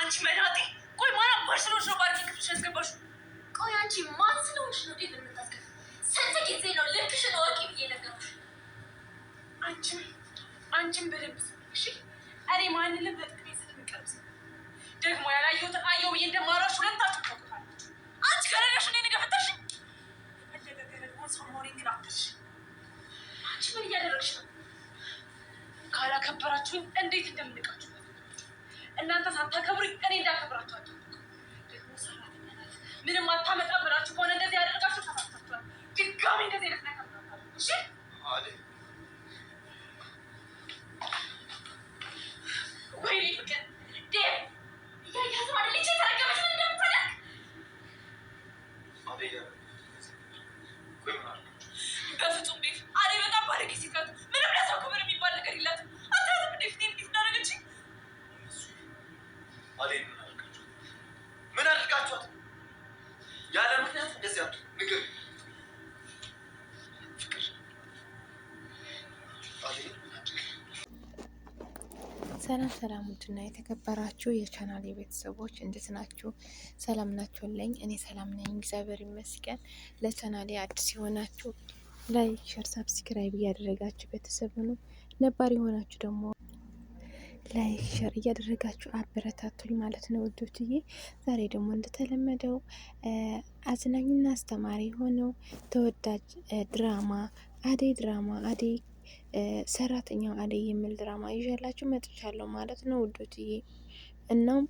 አንቺ መናጤ! ቆይ ማን አባሽ ስለሆንሽ ነው ክፍልሽ ያስገባሽው? ቆይ አንቺ ማን ስለሆንሽ ነው ቤት ስንት ጊዜ ነው ልክሽን ወቂ ብዬ ነገርኩሽ። አንቺም አንቺም በደንብ እሺ። እኔ ማንንም በጥቅሜ ደግሞ ያላየሁትን አየሁ ብዬ እንደማራሽ ሁለታችሁ ታውቁታለች። አንቺ ከረዳሽ እኔ አንቺ ምን እያደረግሽ ነው? ካላከበራችሁኝ እንዴት እንደምንቃችሁ እናንተ ሳታከብሩ እኔ እንዳከብራችሁ ደግሞ ሰራተኛ ምንም አታመጣም ብላችሁ ከሆነ እንደዚህ ያደርጋችሁ ተሳስታችኋል። ድጋሚ እንደዚህ አይነት ነገር እሺ ሰላም ሰላም ውድና የተከበራችሁ የቻናል የቤተሰቦች እንዴት ናችሁ? ሰላም ናችሁልኝ? እኔ ሰላም ነኝ፣ እግዚአብሔር ይመስገን። ለቻናሌ አዲስ የሆናችሁ ላይክ፣ ሸር፣ ሰብስክራይብ እያደረጋችሁ ቤተሰብ ሁኑ። ነባር የሆናችሁ ደግሞ ላይክ ሸር እያደረጋችሁ አበረታቱኝ ማለት ነው ውዶችዬ። ዛሬ ደግሞ እንደተለመደው አዝናኝና አስተማሪ የሆነው ተወዳጅ ድራማ አደይ ድራማ አደይ ሰራተኛው አደይ የሚል ድራማ ይዤላችሁ መጥቻለሁ ማለት ነው ውዶትዬ። እናም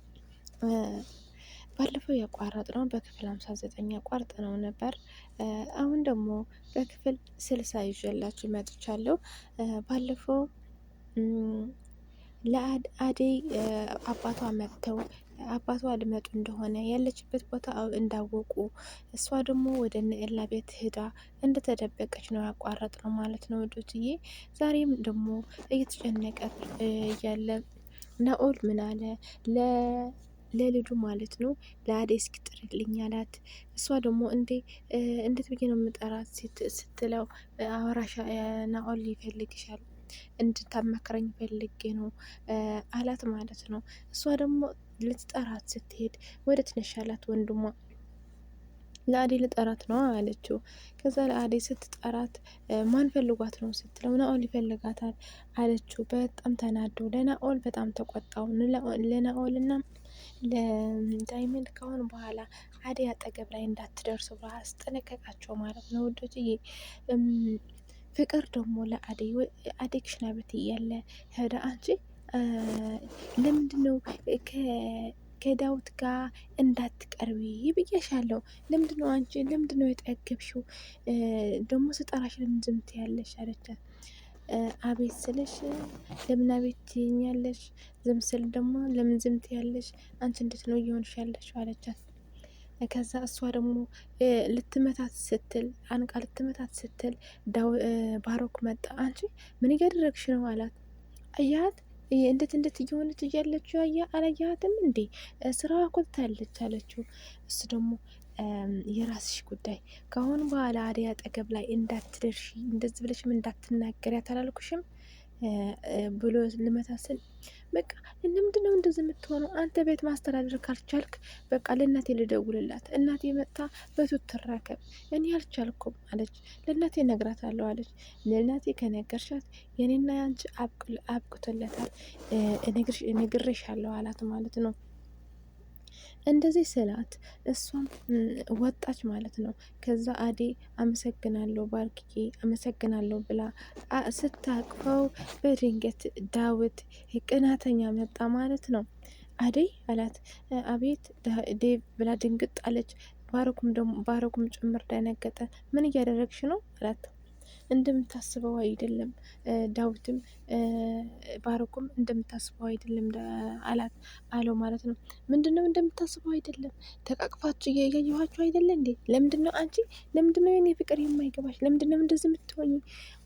ባለፈው ያቋረጥ ነው በክፍል 59 ያቋርጥ ነው ነበር። አሁን ደግሞ በክፍል 60 ይዤላችሁ መጥቻለሁ። ባለፈው ለአደይ አባቷ መጥተው አባቷ ሊመጡ እንደሆነ ያለችበት ቦታ እንዳወቁ እሷ ደግሞ ወደ ነኤላ ቤት ሂዳ እንደተደበቀች ነው ያቋረጥ ነው ማለት ነው ውዶትዬ። ዛሬም ደግሞ እየተጨነቀ እያለ ናኦል ምን አለ ለልዱ ማለት ነው ለአዴ እስኪ ጥሪልኝ አላት። እሷ ደግሞ እንዴ እንዴት ብዬ ነው የምጠራት ስትለው አወራሻ ናኦል ይፈልግሻል እንድታማክረኝ ፈልጌ ነው አላት ማለት ነው። እሷ ደግሞ ልትጠራት ስትሄድ ወደ ትነሻላት ወንድሟ ለአዴ ልጠራት ነው አለችው። ከዛ ለአዴ ስትጠራት ማን ፈልጓት ነው ስትለው ናኦል ይፈልጋታል አለችው። በጣም ተናዶ ለናኦል በጣም ተቆጣው። ለናኦልና ለዳይመንድ ካሁን በኋላ አዴ አጠገብ ላይ እንዳትደርሱ አስጠነቀቃቸው ማለት ነው ውዶች። ፍቅር ደግሞ ለአዴ አዴ እያለ ሄደ አንቺ ለምንድን ነው ጋር እንዳትቀርቢ ብያሻለሁ። ለምንድን ነው አንቺ ለምንድን ነው የጠገብሽው? ደግሞ ስጠራሽ ለምን ዝም ትያለሽ? አለቻት። አቤት ስለሽ ለምን አቤት ትይኛለሽ? ዝም ስል ደግሞ ለምን ዝም ትያለሽ? አንቺ እንዴት ነው እየሆንሽ ያለሽው? አለቻት። ከዛ እሷ ደግሞ ልትመታት ስትል አንቃ ልትመታት ስትል ባሮክ መጣ። አንቺ ምን እያደረግሽ ነው አላት። አያት እንዴት እንዴት እየሆነች እያለችው አያ አላያትም እንዴ ስራዋ ኮትታለች አለችው። እሱ ደግሞ የራስሽ ጉዳይ ከአሁን በኋላ አደይ አጠገብ ላይ እንዳትደርሺ እንደዚህ ብለሽም እንዳትናገሪ አታላልኩሽም ብሎ ልመታስል በቃ ለምንድን ነው እንደዚህ የምትሆነው? አንተ ቤት ማስተዳደር ካልቻልክ በቃ ለእናቴ ልደውልላት፣ እናቴ መጥታ በቱ ትራከብ፣ እኔ አልቻልኩም አለች። ለእናቴ እነግራታለሁ አለች። ለእናቴ ከነገርሻት የኔና ያንቺ አብቅቶለታል፣ እነግርሻለሁ አላት ማለት ነው። እንደዚህ ስላት እሷም ወጣች ማለት ነው። ከዛ አዴ አመሰግናለሁ ባርክዬ አመሰግናለሁ ብላ ስታቅፈው በድንገት ዳዊት ቅናተኛ መጣ ማለት ነው። አደይ አላት። አቤት ዴቭ ብላ ድንግጥ አለች። ባረኩም ደግሞ ባረኩም ጭምር ደነገጠ። ምን እያደረግሽ ነው አላት። እንደምታስበው አይደለም፣ ዳዊትም ባሮክም እንደምታስበው አይደለም አላት አለው ማለት ነው። ምንድን ነው እንደምታስበው አይደለም፣ ተቃቅፋችሁ እያየኋችሁ አይደለ እንዴ? ለምንድን ነው አንቺ ለምንድን ነው የኔ ፍቅር የማይገባሽ? ለምንድን ነው እንደዚህ የምትሆኝ?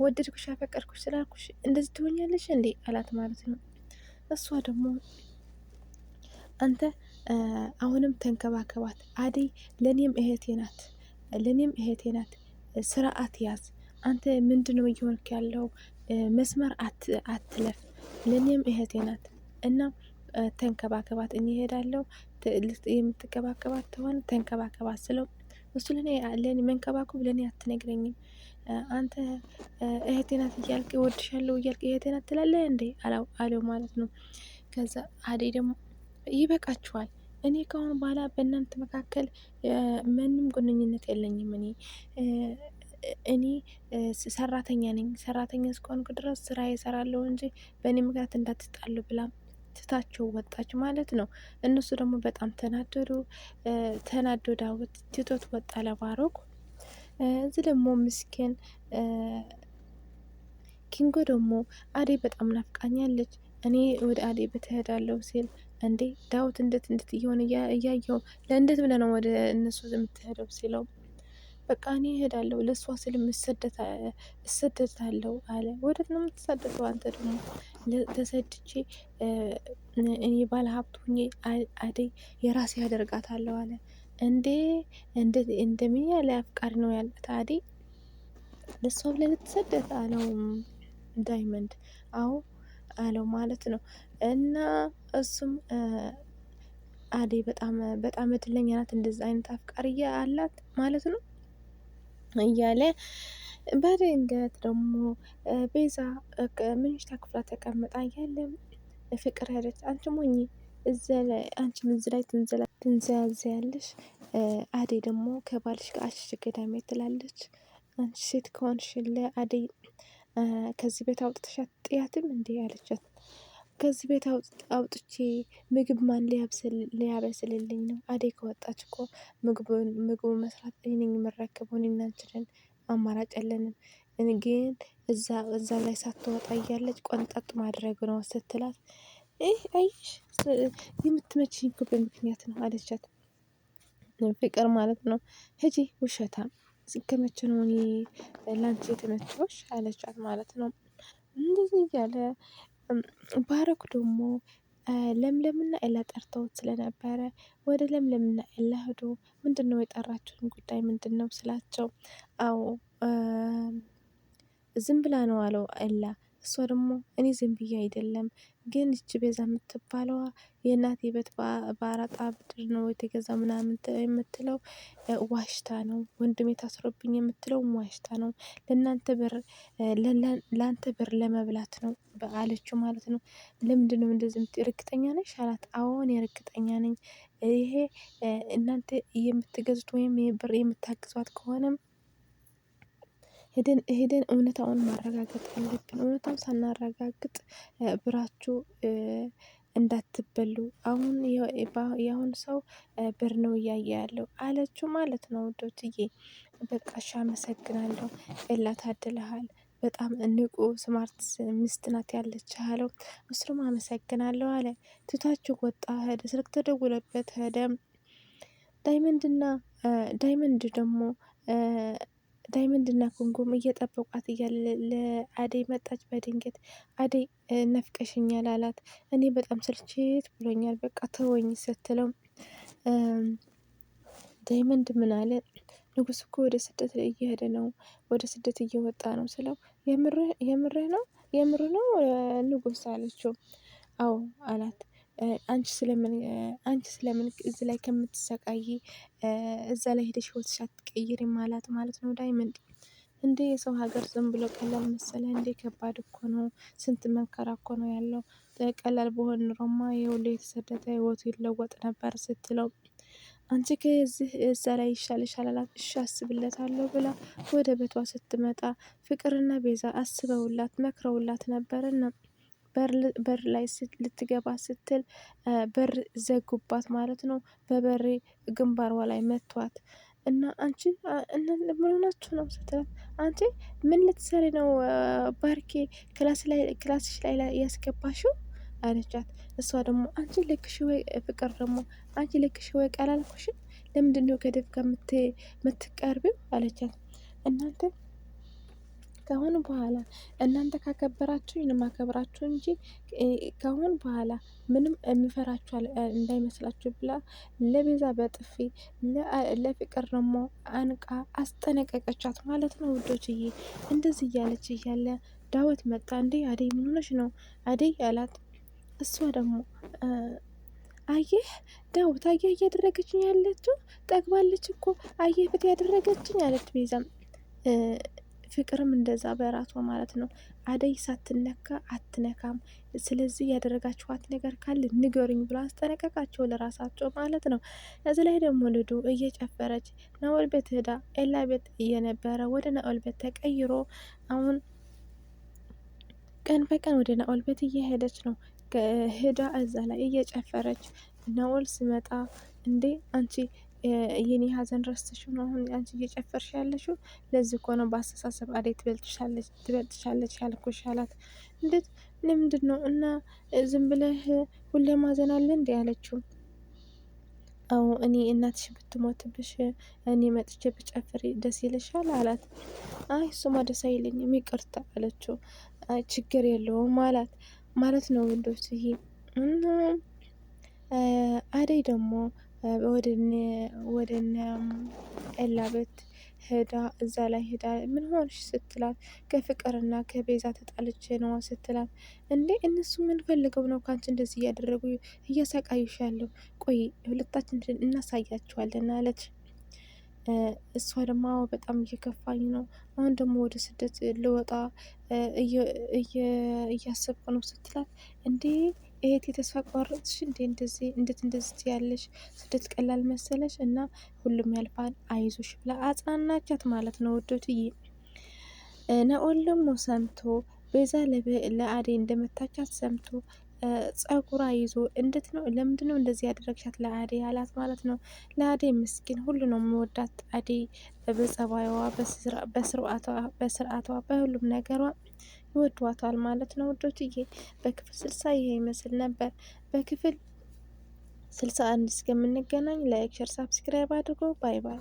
ወደድኩሽ፣ አፈቀርኩሽ ስላልኩሽ እንደዚህ ትሆኛለሽ እንዴ? አላት ማለት ነው። እሷ ደግሞ አንተ አሁንም ተንከባከባት አደይ፣ ለእኔም እህቴ ናት፣ ለእኔም እህቴ ናት፣ ስርዓት ያዝ አንተ ምንድን ነው እየሆንክ ያለው? መስመር አትለፍ። ለእኔም እህቴ ናት እና ተንከባከባት። እኔ እሄዳለሁ የምትንከባከባት ተሆን ተንከባከባት ስለው እሱ ለእኔ መንከባከብ ለእኔ አትነግረኝም። አንተ እህቴ ናት እያልክ እወድሻለሁ እያልክ እህቴ ናት ትላለህ እንዴ አለው ማለት ነው። ከዛ አደይ ደግሞ ይበቃችኋል እኔ ከአሁን በኋላ በእናንተ መካከል ምንም ግንኙነት የለኝም። እኔ እኔ ሰራተኛ ነኝ፣ ሰራተኛ እስከሆንኩ ድረስ ስራ የሰራለሁ እንጂ በእኔ ምክንያት እንዳትጣሉ ብላ ትታቸው ወጣች ማለት ነው። እነሱ ደግሞ በጣም ተናደዱ። ተናዶ ዳዊት ትቶት ወጣ ለባሮክ። እዚህ ደግሞ ምስኪን ኪንጎ ደግሞ አዴ በጣም ናፍቃኛለች እኔ ወደ አዴ ብትሄዳለሁ ሲል እንዴ ዳዊት እንደት እንደት እየሆነ እያየው ለእንደት ብለህ ነው ወደ እነሱ የምትሄደው ሲለው በቃ እኔ እሄዳለሁ ለእሷ ስልም እሰደታለሁ አለ። ወዴት ነው የምትሰደተው? አንተ ደግሞ ተሰድቼ እኔ ባለ ሀብት ሁኜ አደይ የራሴ ያደርጋታለሁ አለ። እንዴ እንደምን ያለ አፍቃሪ ነው ያላት አደይ ለእሷ ብለህ ልትሰደት አለው ዳይመንድ። አዎ አለው ማለት ነው። እና እሱም አደይ በጣም በጣም እድለኛ ናት አይነት አፍቃሪ አላት ማለት ነው። እያለ በድንገት ደግሞ ቤዛ መኝታ ክፍላ ተቀምጣ እያለ ፍቅር ሄደች። አንቺ ሞኝ አንቺ ምዝ ላይ ትንዘያዘያለሽ፣ አዴ ደግሞ ከባልሽ ጋር አሽሽ ገዳሜ ትላለች። አንቺ ሴት ከሆንሽ ለአዴ ከዚህ ቤት አውጥተሻት ጥያትም እንዲህ አለቻት። ከዚህ ቤት አውጥቼ ምግብ ማን ሊያበስልልኝ ነው? አደይ ከወጣች እኮ ምግቡ መስራት እኔ ነኝ የምረከበው። እኔና አማራጭ ያለንም ግን እዛ እዛ ላይ ሳትወጣ እያለች ቆንጠጥ ማድረግ ነው ስትላት፣ አይሽ የምትመችኝ እኮ በምክንያት ነው አለቻት። ፍቅር ማለት ነው። ሂጂ ውሸታ እስከመቼ ነው ላንቺ ለአንቺ የተመቸሽ? አለቻት ማለት ነው። እንደዚህ እያለ ባረኩ ደግሞ ለምለምና ኤላ ጠርተውት ስለነበረ ወደ ለምለምና ኤላ ሄዶ ምንድን ነው የጠራችሁን ጉዳይ ምንድን ነው ስላቸው፣ አዎ ዝም ብላ ነው አለው ኤላ። እሷ ደግሞ እኔ ዝም ብዬ አይደለም ግን ይቺ ቤዛ የምትባለዋ የእናቴ ቤት በአራጣ ብድር ነው የተገዛ ምናምን የምትለው ዋሽታ ነው። ወንድሜ ታስሮብኝ የምትለው ዋሽታ ነው። ለእናንተ ብር ለአንተ ብር ለመብላት ነው አለችው ማለት ነው። ለምንድን ነው እንደዚህ እርግጠኛ ነሽ አላት። አዎን እርግጠኛ ነኝ። ይሄ እናንተ የምትገዙት ወይም ብር የምታግዟት ከሆነም ሄደን ሄደን እውነታውን ማረጋገጥ አለብን። እውነታውን ሳናረጋግጥ ብራችሁ እንዳትበሉ አሁን የአሁን ሰው ብር ነው እያየ ያለው አለችው ማለት ነው። ዶትዬ በቃ እሺ አመሰግናለሁ ኤላ ታድለሃል በጣም ንቁ ስማርት ሚስት ናት ያለችህ አለው። እሱም አመሰግናለሁ አለ። ትታችሁ ወጣ ሄደ። ስልክ ተደውለበት ሄደ። ዳይመንድና ዳይመንድ ደግሞ ዳይመንድ እና ኮንጎም እየጠበቋት እያለ ለአደይ መጣች። በድንገት አደይ ነፍቀሽኛል አላት። እኔ በጣም ስልችት ብሎኛል፣ በቃ ተወኝ ስትለው ዳይመንድ ምን አለ ንጉስ እኮ ወደ ስደት እየሄደ ነው፣ ወደ ስደት እየወጣ ነው ስለው የምርህ ነው የምር ነው ንጉስ አለችው። አዎ አላት። አንቺ ስለምን አንቺ ስለምን እዚህ ላይ ከምትሰቃይ እዛ ላይ ሄደሽ ህይወትሽ አትቀይሪ ማለት ማለት ነው። ዳይመንድ እንዴ የሰው ሀገር ዝም ብሎ ቀላል መሰለ እንዴ? ከባድ እኮ ነው። ስንት መከራ እኮ ነው ያለው። ቀላል በሆን ኖሮማ የሁሉ የተሰደደ ህይወቱ ይለወጥ ነበር ስትለው አንቺ ከዚህ እዛ ላይ ይሻልሻል አላት። እሺ አስብለታለሁ ብላ ወደ ቤቷ ስትመጣ ፍቅርና ቤዛ አስበውላት መክረውላት ነበርና በር ላይ ልትገባ ስትል በር ዘጉባት ማለት ነው። በበሬ ግንባሯ ላይ መቷት እና አንቺ ምን ሆናችሁ ነው ስትላት አንቺ ምን ልትሰሪ ነው ባርኬ ክላስሽ ላይ ያስገባሽው አለቻት። እሷ ደግሞ አንቺ ልክሽ ወይ ፍቅር ደግሞ አንቺ ልክሽ ወይ ቃል አልኩሽም ለምንድን ነው ከዴቭ ጋር አለቻት። እናንተ ከአሁን በኋላ እናንተ ካከበራችሁ ነው የማከብራችሁ እንጂ ከአሁን በኋላ ምንም የምፈራችሁ እንዳይመስላችሁ ብላ ለቤዛ በጥፊ ለፍቅር ደግሞ አንቃ አስጠነቀቀቻት ማለት ነው ውዶችዬ። እንደዚህ እያለች እያለ ዳዊት መጣ። እንዴ አደይ ምን ሆነሽ ነው አደይ አላት። እሷ ደግሞ አየህ ዳዊት፣ አየህ እያደረገችኝ ያለችው ጠግባለች እኮ አየህ ፍት ያደረገችኝ አለች ቤዛም ፍቅርም እንደዛ በራሷ ማለት ነው። አደይ ሳትነካ አትነካም፣ ስለዚህ ያደረጋችኋት ነገር ካለ ንገሩኝ ብሎ አስጠነቀቃቸው ለራሳቸው ማለት ነው። እዚ ላይ ደግሞ ልዱ እየጨፈረች ናኦል ቤት ሄዳ ኤላ ቤት እየነበረ ወደ ናኦል ቤት ተቀይሮ አሁን ቀን በቀን ወደ ናኦል ቤት እየሄደች ነው። ሄዳ እዛ ላይ እየጨፈረች ናኦል ሲመጣ እንዴ አንቺ የኔ ሀዘን ረስተሽው ነው አሁን አንቺ እየጨፈርሽ ያለሽው። ለዚህ እኮ ነው በአስተሳሰብ አደይ ትበልጥሻለች ያልኩሽ አላት። እንዴት ለምንድን ነው እና ዝም ብለህ ሁሌ ማዘን አለ እንዲ ያለችው። አዎ እኔ እናትሽ ብትሞትብሽ እኔ መጥቼ ብጨፍር ደስ ይልሻል አላት። አይ እሱማ ደስ አይለኝም ይቅርታ አለችው። ችግር የለውም አላት። ማለት ነው ወንዶች ይሄ አደይ ደግሞ ወደነ ኤላ ቤት ሄዳ እዛ ላይ ሄዳ ምን ሆንሽ ስትላት ከፍቅርና ከቤዛ ተጣልቼ ነዋ ስትላት፣ እንዴ እነሱ ምን ፈልገው ነው ካንቺ እንደዚህ እያደረጉ እያሳቃዩሽ ያለው? ቆይ ሁለታችን እናሳያችኋለን አለች። እሷ ደግሞ በጣም እየከፋኝ ነው፣ አሁን ደግሞ ወደ ስደት ልወጣ እያሰብኩ ነው ስትላት እንዴ እህቴ የተስፋ ቆረጥሽ እንዴ? እንደዚህ እንዴት እንደዚህ ያለሽ? ስደት ቀላል መሰለሽ? እና ሁሉም ያልፋል አይዞሽ ብላ አጽናናቻት ማለት ነው ውዶትዬ። ናኦል ደግሞ ሰምቶ ቤዛ ለአዴ እንደመታቻት ሰምቶ ጸጉራ ይዞ እንዴት ነው ለምንድን ነው እንደዚህ ያደረግሻት ለአዴ አላት ማለት ነው። ለአዴ ምስኪን ሁሉ ነው መወዳት አዴ በጸባይዋ፣ በስርዓቷ፣ በሁሉም ነገሯ ይወዷታል ማለት ነው። ውዶትዬ በክፍል ስልሳ ይሄ ይመስል ነበር። በክፍል ስልሳ አንድ እስከምንገናኝ ላይክ፣ ሸር፣ ሳብስክራይብ አድርጎ ባይ ባይ።